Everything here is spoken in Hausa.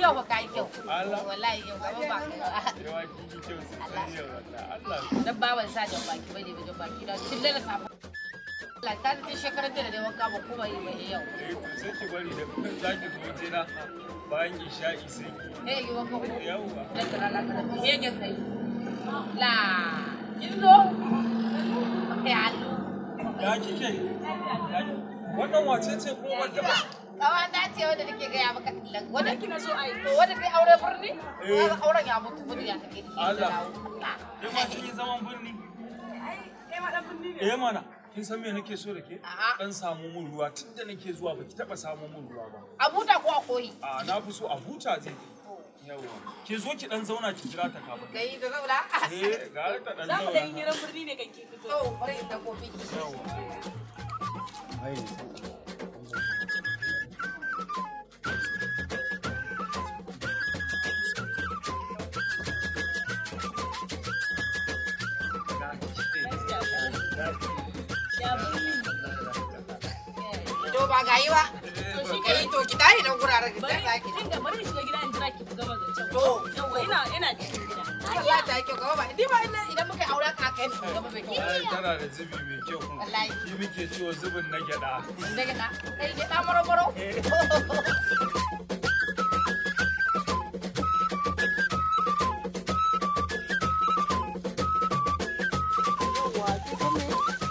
yau ba kai kyau. Wallahi yau ba. Yawa kyau sosai yau Allah. Dan sa baki bane ba baki da da safa. Allah ce shekarar da da wanka ba kuma yi ba eh, yau. Eh to sai ki bari da zo je na bayan Eh da yake kai. La. Kai Ya kike? Wannan wace ce kuma wata ba? ce wanda nake gaya maka wanda kina so ai to wanda kai aure eh. auren ya mutu gudu ya take Allah kai ma kin zaman birni kai ma dan ne eh mana kin san me nake so da ke dan samu mun ruwa tunda nake zuwa baki taba samu mun ruwa ba a buta ko a koyi a na fi so a buta zai ke zo ki dan zauna ki jira ta kafa kai da zauna eh ga ta dan zauna zamu dan hirar ne kan fito to bari kofi ba ga yi ba ka yi to ki tare nan guraren ki tare ki inda bari gida in jira ki to ina ina Allah ta gaba ba ba ina idan muka aura ka kai gaba ba ki tana da zubi mai kyau wallahi ki muke ciwo zubin na na kai maro maro eh.